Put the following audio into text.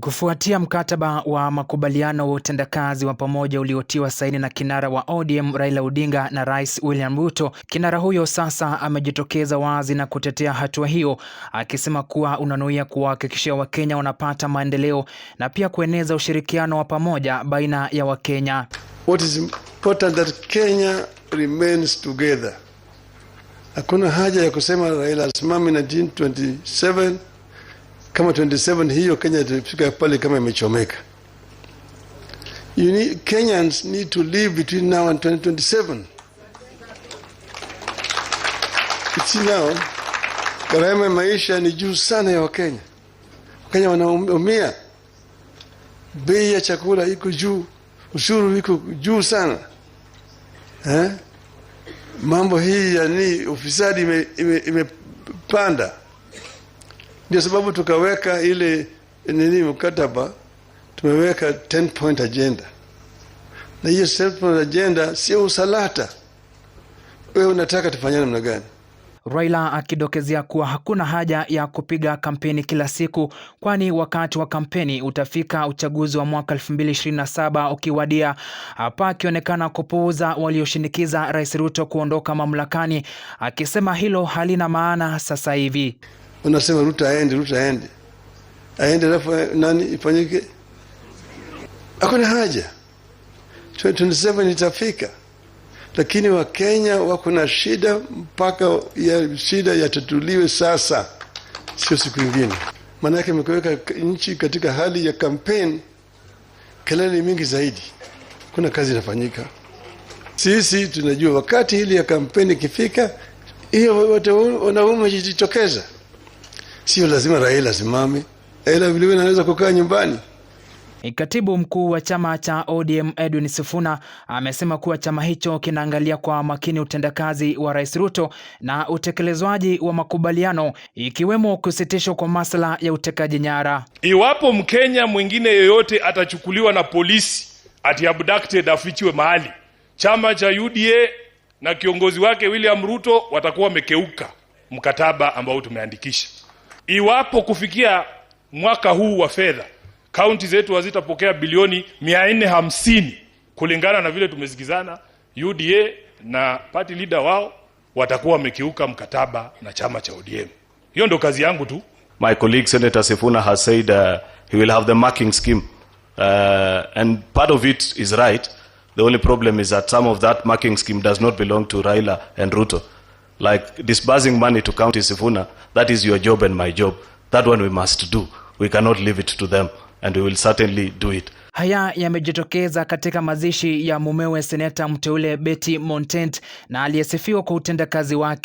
Kufuatia mkataba wa makubaliano wa utendakazi wa pamoja uliotiwa saini na kinara wa ODM Raila Odinga na Rais William Ruto, kinara huyo sasa amejitokeza wazi na kutetea hatua hiyo, akisema kuwa unanuia kuwahakikishia Wakenya wanapata maendeleo na pia kueneza ushirikiano wa pamoja baina ya Wakenya. What is important that Kenya remains together. Hakuna haja ya kusema Raila asimame 1927 kama 27 hiyo Kenya tulifika pale kama imechomeka. You need, Kenyans need to live between now and 2027. It's now, gharama ya maisha ni juu sana ya Wakenya. Wakenya wanaumia, bei ya chakula iko juu, ushuru iko juu sana eh? Mambo hii yani ufisadi imepanda ime, ime ndio sababu tukaweka ile nini mkataba, tumeweka 10 point agenda, na hiyo 10 point agenda sio usalata. Wewe unataka tufanyane namna gani? Raila akidokezea kuwa hakuna haja ya kupiga kampeni kila siku, kwani wakati wa kampeni utafika uchaguzi wa mwaka 2027 ukiwadia, hapa akionekana kupuuza walioshinikiza Rais Ruto kuondoka mamlakani, akisema hilo halina maana sasa hivi unasema Ruto aende, Ruto aende, aende, alafu eh, nani ifanyike? Hakuna haja, 2027 itafika, lakini Wakenya wako na shida mpaka ya shida yatatuliwe sasa, sio siku ingine. yake amekuweka nchi katika hali ya campaign, kelele mingi zaidi, kuna kazi inafanyika. Sisi tunajua wakati hili ya kampeni ikifika, hiyo wote wanaume jitokeza Sio lazima Raila asimame, Raila vile vile anaweza kukaa nyumbani. E, katibu mkuu wa chama cha ODM Edwin Sifuna amesema kuwa chama hicho kinaangalia kwa makini utendakazi wa Rais Ruto na utekelezwaji wa makubaliano ikiwemo kusitishwa kwa masuala ya utekaji nyara. Iwapo Mkenya mwingine yeyote atachukuliwa na polisi ati abducted, afichiwe mahali, chama cha UDA na kiongozi wake William Ruto watakuwa wamekeuka mkataba ambao tumeandikisha iwapo kufikia mwaka huu wa fedha kaunti zetu hazitapokea bilioni 450 kulingana na vile tumesikizana, UDA na party leader wao watakuwa wamekiuka mkataba na chama cha ODM. Hiyo ndio kazi yangu tu. My colleague Senator Sifuna has said uh, he will have the marking scheme uh, and part of it is right. The only problem is that some of that marking scheme does not belong to Raila and Ruto like disbursing money to County Sifuna, that is your job and my job. That one we must do. We cannot leave it to them and we will certainly do it. Haya yamejitokeza katika mazishi ya mumewe seneta mteule Betty Montent na aliyesifiwa kwa utendakazi wake